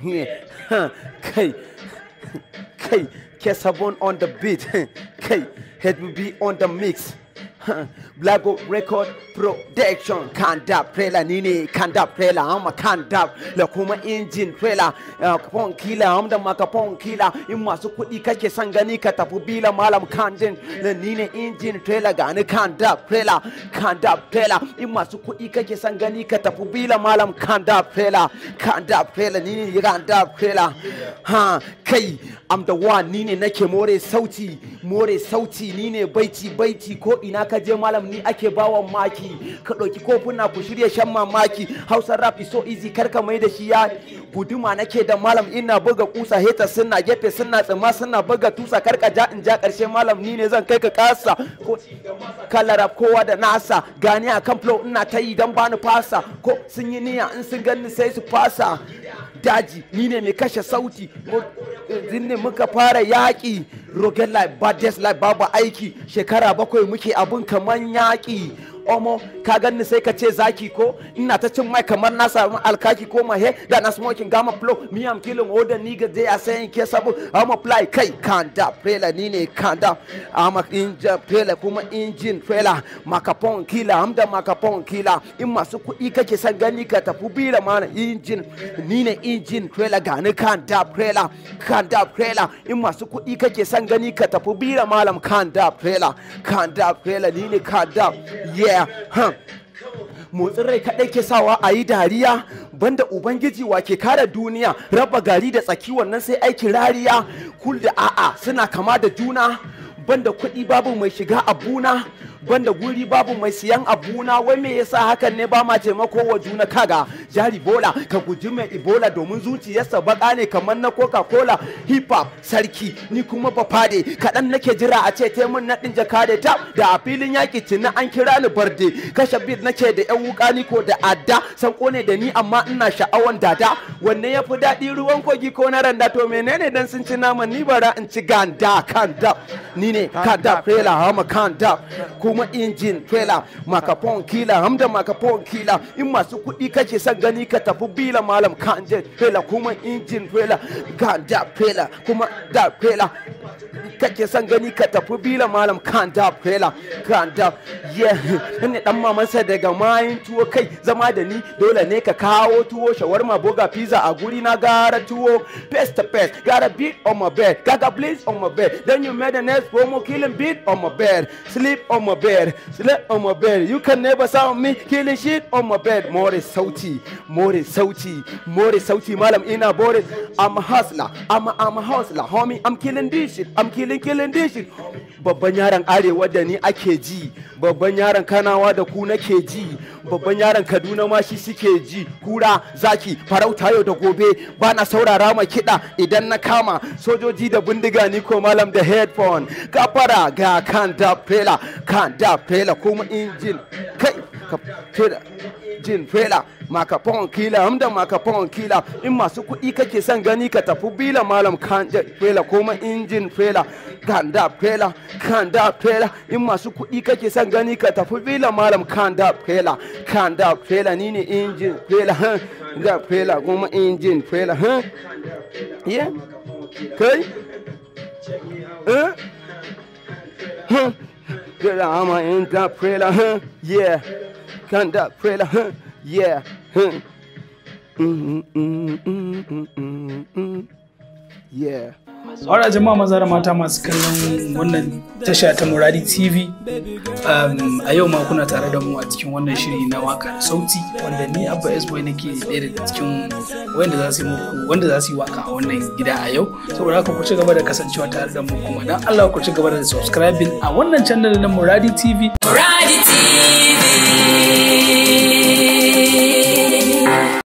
here. K, K, Casabon on the beat. K, Head me be on the mix. Blago Record Production Kandap Trailer ni ne Kandap Trailer amma Kandap da kuma injin trailer kafon uh, kila amda ma kafon kila in masu kuɗi kake son gani ka tafi bila malam Kandin da ni ne injin trailer ga ni Kandap Trailer Kandap Trailer in masu kuɗi kake son gani ka tafi bila malam Kandap Trailer Kandap Trailer ni ne Kandap Trailer ha kai am the one ni ne nake more sauti more sauti ni ne baiti baiti ko ina ka malam ni ake bawan maki ka ɗauki kofuna ku shirya shan mamaki hausa rap so easy kar ka mai da shi ya guduma nake da malam ina buga kusa heta suna gefe suna tsima suna buga tusa kar ka ja in ja karshe malam ni ne zan kai ka kasa ko kala rap kowa da nasa gani akan flow ina ta yi dan bani fasa ko sun yi niyya in sun gani sai su fasa daji ni ne mai kashe sauti ne muka fara yaki rogen life baddest life babu aiki shekara bakwai muke abun kaman aqui omo ka ganni sai ka ce zaki ko ina ta cin mai kamar na samu alkaki ko mahe da na smoking gama flow me am killing the nigga they are saying ke sabu am apply kai kanda prela ni ne kanda I'm a inja prela kuma engine prela makapon kila am da makapon kila in masu kuɗi kake san gani ka tafi bila mana engine ni ne engine prela gani kanda prela kanda prela in masu kuɗi kake san gani ka tafi bila malam kanda prela kanda prela ni ne kanda yeah motsin rai kaɗai ke sawa a yi dariya banda ubangiji wa ke kare duniya raba gari da tsaki wannan sai aikin rariya kul da a'a suna kama da juna banda kuɗi babu mai shiga abuna banda guri babu mai siyan abuna wai me yasa hakan ne ba ma taimako wa juna kaga jari bola ka guji mai ibola domin zuciyarsa baka ne kamar na coca cola hip hop sarki ni kuma ba fade kaɗan nake jira a ce te min naɗin da ta da a filin yaki cina an kira ni barde kashe bid nake da yan wuka ni ko da adda san kone da ni amma ina sha'awan dada wanne ya fi daɗi ruwan kogi ko na randa to menene dan sun ci naman ni bara in ci ganda kanda ni ne kanda fela hama kanda ko kuma injin trailer makafon kila hamda makafon kila in masu kuɗi kake son gani ka tafi bila malam Kanje trailer kuma injin trailer ga da kuma da trailer kake son gani ka tafi bila malam kan da fela kan da ya ne dan maman sai daga mayin tuwo kai zama da ni dole ne ka kawo tuwo shawarma boga pizza a guri na gara tuwo best to face gara beat on my bed gaga please on my bed then you made the next promo killing beat on my bed sleep on my bed sleep on my bed you can never sound me killing shit on my bed more sauti more sauti more sauti malam ina bore i'm a hustler i'm a, I'm a hustler homie i'm killing this shit i'm killing killing this shit babban yaron arewa da ni ake ji babban yaron kanawa da ku nake ji babban yaran kaduna ma shi suke ji kura zaki farauta yau da gobe ba na saurara ma kiɗa idan na kama sojoji da bindiga ni ko malam da headphone kafara ga kan da fela kan da fela kuma injin kai maka jin fela maka fawon kila hamda maka fawon kila in masu kuɗi kake son gani ka tafi bila malam kanja fela kuma injin fela ganda fela kanda fela in masu kuɗi kake son gani ka tafi bila malam kanda fela kanda fela nini ne injin fela da fela kuma injin fela yeah kai eh Good, I'm an interpreter, huh? Yeah. Ganda, Prela, huh? Yeah, huh? Mm-hmm, mm-hmm, mm-hmm, mm-hmm. Yeah. Aura jama'a maza da mata masu kallon wannan tasha ta Muradi TV. Um, a yau ma kuna tare da mu a cikin wannan shiri na waka da sauti wanda ni Abba S boy nake ɗaya daga cikin wanda za su wanda za su yi waka a wannan gida a yau. Saboda haka ku ci gaba da kasancewa tare da mu kuma dan Allah ku ci gaba da subscribing a wannan channel na Muradi TV. Muradi TV.